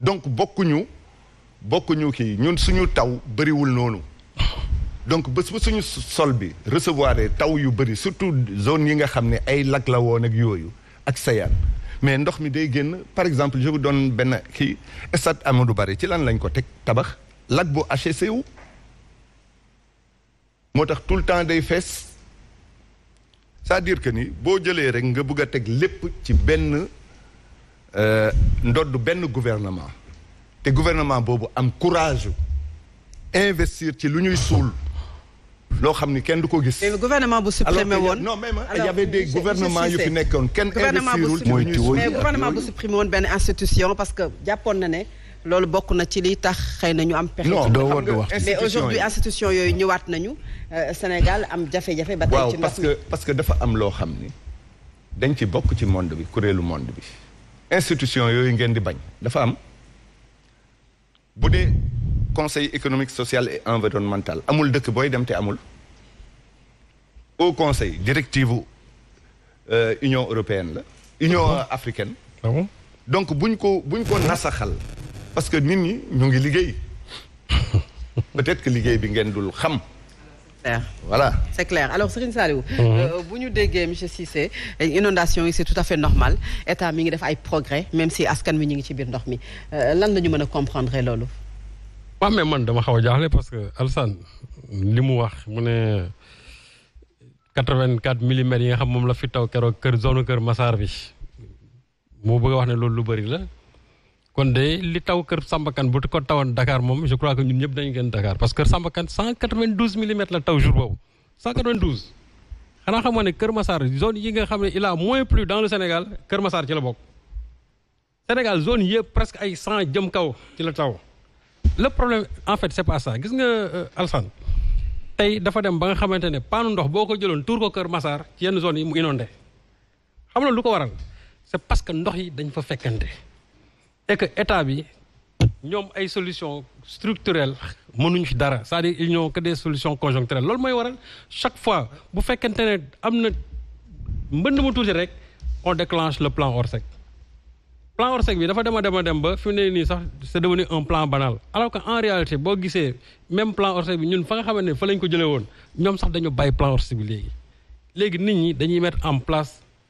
donc bokkuñu bokkuñu kii ñun suñu taw bëriwul noonu donc ba bu suñu sol bi recevoir taw yu bëri surtout zone yi nga xam ne ay lag la woon ak yooyu ak sayaan mais ndox mi day génn par exemple je doon donne benn kii stade du Barry ci lan lañ ko teg tabax lag bu HEC wu moo tax tout le temps day fees saa à dire que ni boo jëlee rek nga bëgg a teg lépp ci benn Euh, ndodd benn gouvernement te gouvernement boobu am courage investir ci lu ñuy suul loo xam ni kenn du ko gis. mais gouvernement bu supprimé woon non mais il y avait des nekkoon kenn investirul mooy tuwo mais gouvernement bu supprimé benn institution parce que jàppoon na ne. loolu bokk na ci liy tax xëy nañu ñu am. pexe non doo woon wax mais aujourd'hui institution yooyu ñëwaat nañu euh, Sénégal am jafe-jafe. ba tey ci waaw parce que parce que dafa am loo xam ni dañ ci bokk ci monde bi kuréelu monde bi. institution yooyu ngeen di bañ dafa am bu dee conseil économique sociale et environnemental amul dëkk booy dem te amul au conseil directive euh, union européenne la union ah bon? africaine ah donc buñ ko nasaxal parce que nit ñi ñu ngi liggéey peut-être que liggéey bi ngeen dul xam clair voilà c'est clair alors Serigne Saliou. Mhm. Euh, bu ñu déggee monsieur Cissé euh, inondation yi c'est tout à fait normal état mi ngi def ay progrès même si askan wi ñu ngi ci biir ndox mi euh, lan la ñu mën a comprendre loolu. waaw mais man dama xaw a jaaxle parce que Alassane li mu wax mu ne quatre-vingt-quatre yi nga xam moom la fi taw keroog kër zone kër Massar bi moo bëgg a wax ne loolu lu bari la. kon de li taw kër Sambakan bu ko tawoon dakaar moom je crois que ñun ñëpp dañu gën Dakar parce que kër Sambakan 192 millimètres la taw jour boobu 192. xanaa xam nga ne Kër Massar zone yi nga xam ne il a moins plu dans le Sénégal Kër Massar ci la bokk Sénégal zone yëpp presque ay 100 jëm kaw ci la taw le problème en fait c'est pas ça gis nga euh, Alsane tey dafa dem ba nga xamante ne paanu ndox boo ko jëloon tuur ko Kër Massar ci yenn zone yi mu inondé xam nga lu ko waral c'est parce que ndox yi dañ fa fekkante. et que état bi ñoom ay solution structurelle mënuñ fi dara c'est-à-dire ils n'ont que des solutions conjoncturelles loolu mooy waral chaque fois bu fekkente ne am na mbënd mu tuuti rek on déclenche le plan Orsec plan Orsec bi dafa dem a dem a dem ba fi ne nii sax c'est devenu un plan banal alors que en réalité boo gisee même plan Orsec bi ñun fa nga xamante ne fa lañ ko jëlee woon ñoom sax dañu bàyyi plan Orsec bi léegi léegi nit ñi dañuy mettre en plac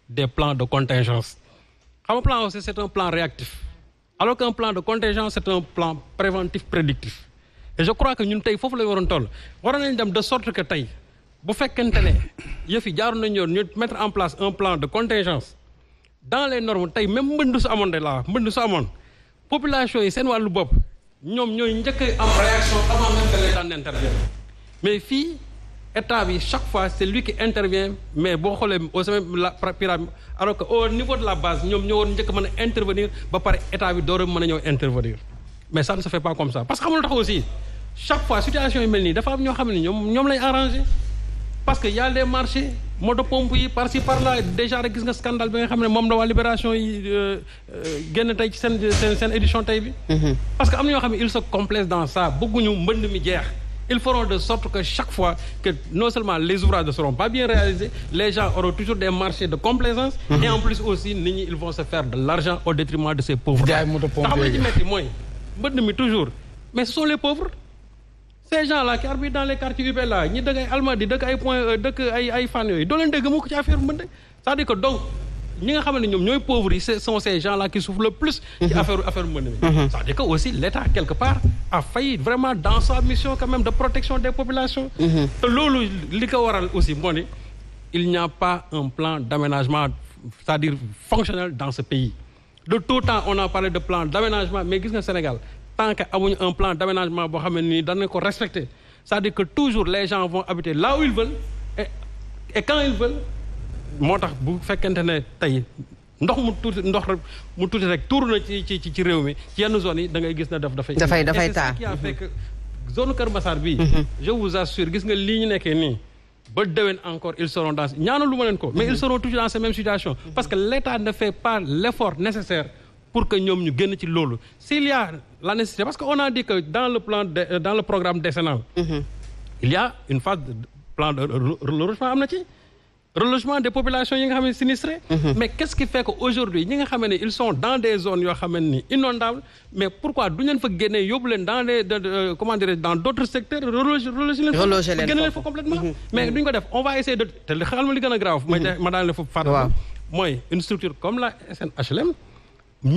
des plans de contingence xam nga plan Orsec c'est un plan alors um plan de contingence c'est un plan préventif prédictif je crois que ñun tey foofu lay ñu waroon toll waroon nañ dem de sorte que tey bu fekkente ne yëf yi jaaroon nañu yoon ñu mettre en place un plan de contingence dans les normes tey même mbënd su amoon de laa mbënd su amoon population yi seen wàllu bopp ñoom ñooy njëkk am réaction avant même que l'État n'intervienne mais fii état bi chaque fois c'est lui qui intervient mais boo xoolee au sommet la pyramide alors que au niveau de la base ñoom ñoo war njëkk mën a intervenir ba pare état bi door a mën a ñëw intervenir mais ça ne se fait pas comme ça parce que xamul tax aussi chaque fois situation yi mel nii dafa am ñoo xam ne ñoom ñoom lay arrangé parce que y a des marchés moto pompe yi par ci par là déjà rek gis nga scandale bi nga xam ne moom la waa libération yi euh, euh, ci seen seen seen édition tey bi mm-hmm. parce que am na xam ne ils se complaisent dans ça bëgguñu mbënd mi jeex ils feront de sorte que chaque fois que non seulement les ouvrages ne seront pas bien réalisés les gens auront toujours des marchés de complaisance mhm. et en plus aussi nit ñi ils vont se faire de l'argent au détriment de ces pauvres là xam nga ci metti mooy mbënd toujours mais ce sont les pauvres ces gens là qui habitent dans les quartiers UB là ñi dëkk ay Almadies dëkk ay Point E ay fan yooyu doo leen dégg mu ko ci affaire mbënd c'est-à-dire que donc ñi nga xam ne ñoom ñooy pauvres yi ce sont ces gens là qui souffrent le plus. ci mhm. affaire affaire mbënd mi. ça mhm. dire que aussi l' quelque part a failli vraiment dans sa mission quand même de protection des populations. Mhm. te li ko waral aussi moo ni il n'y a pas un plan d' aménagement c'est-à-dire fonctionnel dans ce pays de tout temps on a parlé de plan d' aménagement mais gis nga Sénégal tant que amuñu un plan d' aménagement boo xam ne nii danañ ko respecter que toujours les gens vont habiter là où ils veulent moo tax bu fekkente ne tey ndox mu tuuti ndox mu tuuti rek tuuru na ci ci ci réew mi ci yenn zones yi da ngay gis na daf dafay. dafay dafay taa zone Kër Massar bii. Mhm. je vous assure gis nga lii ñu nekkee nii. ba déwén encore ils seront dans ñaanu lu ma leen ko. mais mhm. ils seront toujours dans même situation. Mhm. parce que l'État ne fait pas l'effort nécessaire pour que ñoom ñu génn ci loolu s'il y a la nécessité parce que on a dit dans le plan de dans le programme décennal. il y a une de plan de relogement relogement des populations yi nga xam ne sinistré mhm. mais qu'est-ce qui fait que aujourd'hui ñi nga xam ne ils sont dans des zones yoo xam ne inondables mais pourquoi du leen fa génnee yóbbu leen dans des euh, comment dans d'autres secteurs reloger reloger leen leen fa complètement mhm. mais mhm. duñ ko def on va essayer de te xamal ma li gën a grave ma ma daan leen fa mooy une comme la SNHLM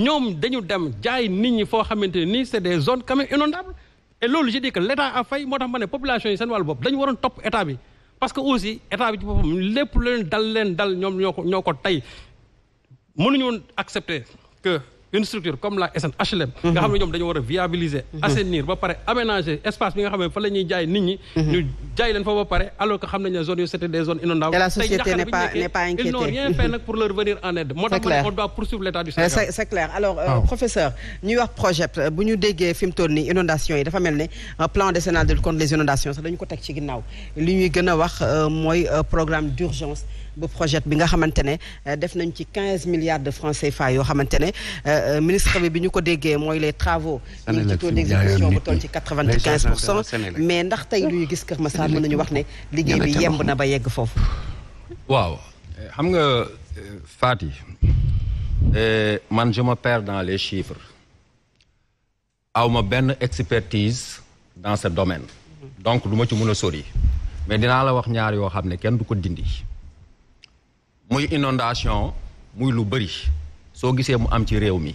ñoom dañu dem jaay nit ñi foo xamante ni c'est des zones bopp dañu waroon topp état parce que aussi état bi ci boppam lépp leen dal leen dal ñoom ñoo ko ñoo ko tey mënuñu accepter que. une comme la SNHLM. nga xam ne mhm. ñoom dañoo war a viabiliser. Mhm. ba pare aménager espace bi nga xam ne fa jaay nit ñi. Mhm. ñu jaay leen fa ba pare alors que xam nañ ne zone yu des zones inondables. et la société n'est pas n'est pas inquiétée. ils n'ont rien en aide. moo tax on doit poursuivre euh, professeur ñuy wax projet bu ñu déggee fi mu toll nii inondation yi dafa mel ne euh, plan décennal de lutte contre les inondations sax dañu ko teg ci ginnaaw ñuy gën wax euh, mooy bu projet bi nga xamante ne euh, def nañ ci 15 milliards de francs CFA yoo xamante ne euh, euh, ministre bi bi ñu ko déggee mooy les travaux ñu ngi ci taux d'exécution bu toll ci 95 pour cent mais ndax tey luy gis Kër Massar nañu wax ne liggéey bi yemb na ba yegg foofu waaw xam nga Fati man je dans les chiffres aw ma benn expertise dans ce domaine mm-hmm. donc du ma ci mën a sori mais dinaa la wax ñaar yoo xam ne kenn du ko dindi muy inondation muy lu bëri soo gisee mu am ci réew mi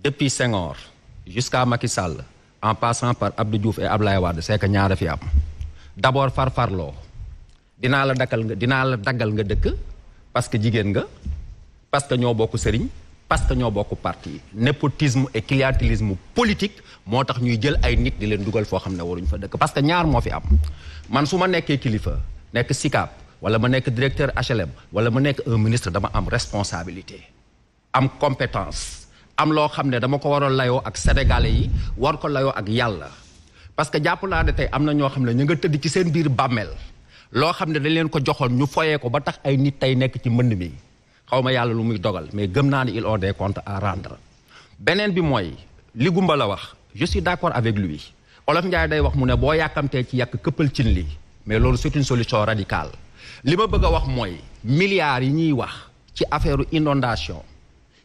depuis Senghor jusqu'à Macky Sall en passant par Abdou ab laay waa Wade c'est ñaar a fi am d'abord farfarloo dinaa la dakkal nga dinaa la daggal nga dëkk parce que jigéen nga parce que ñoo bokk sëriñ parce que ñoo bokk parti népotisme et clientélisme politique moo tax ñuy jël ay nit di leen dugal foo xam ne waruñ fa dëkk parce que ñaar moo fi am man su ma nekkee kilifa nekk sikaab wala ma nekk directeur HLM wala ma nekk un ministre dama am responsabilité am compétence am loo xam ne dama ko war a layoo ak sénégalais yi war ko layoo ak yàlla parce que jàpp naa ne tey am na ñoo xam ne ñu nga tëdd ci seen biir bàmmeel loo xam ne dañ leen ko joxoon ñu foyee ko ba tax ay nit tey nekk ci mbënd mi xaw ma yàlla lu muy dogal mais gëm naa ne ils ont des comptes à rendre beneen bi mooy li gumba la wax je suis d'accord avec lui Olof Ndiaye day wax mu ne boo yàkkamtee ci yàq këppal cin li mais loolu c'est solution radicale li ma bëgg a wax mooy milliards yi ñuy wax ci affaire inondation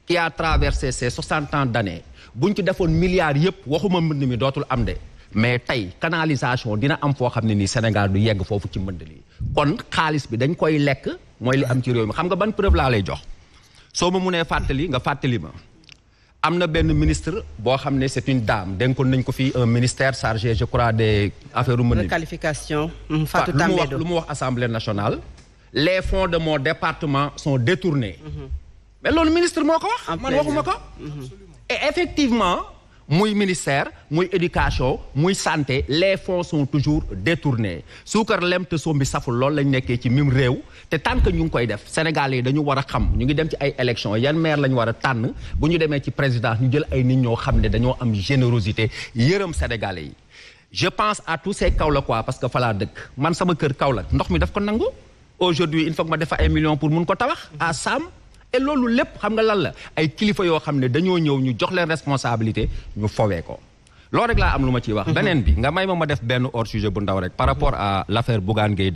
qui a traversé ces soixante ans d'années buñ ci defoon milliards yëpp waxuma mbënd mi dootul am de mais tey canalisation dina am foo xam ne nii Sénégal du yegg foofu ci mbënd li kon xaalis bi dañ koy lekk mooy li am ci réew mi xam nga ban preuve laa lay jox soo ma munee fàttali nga fàttali ma am na benn ministre boo xam ne c'est une dame dénkoon nañ ko fii un ministère chargé je crois des affaires humaines. requalification Fatou Tambédou wax lu mu wax assemblée nationale. les fonds de mon département sont détournés. mais loolu ministre moo ko wax. man waxuma ko. effectivement. muy ministère muy éducation muy santé les fonds sont toujours détournés suukar lem te sombi saful loolu lañ nekkee ci mim réew te tant que ñu ngi koy def Sénégal yi dañu war a xam ñu ngi dem ci ay élections yan maire la ñu war a tànn bu ñu demee ci présidence ñu jël ay nit ñoo xam ne dañoo am générosité yërëm Sénégalais yi je pense à tous ces Kaolack quoi parce que falaa dëkk man sama kër Kaolack ndox mi daf ko nangu aujourd'hui il faut que ma defa ay millions pour mun ko tabax à Sam et loolu lépp xam nga lan la ay kilifa yoo xam ne dañoo ñëw ñu jox leen responsabilité ñu foowee ko loolu rek laa am lu ma ciy wax. Mhm. beneen bi nga may ma ma def benn hors sujet bu ndaw rek. par rapport à l' affaire Bougane Gueye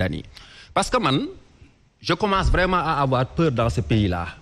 parce que man je commence vraiment à avoir peur dans ce pays là.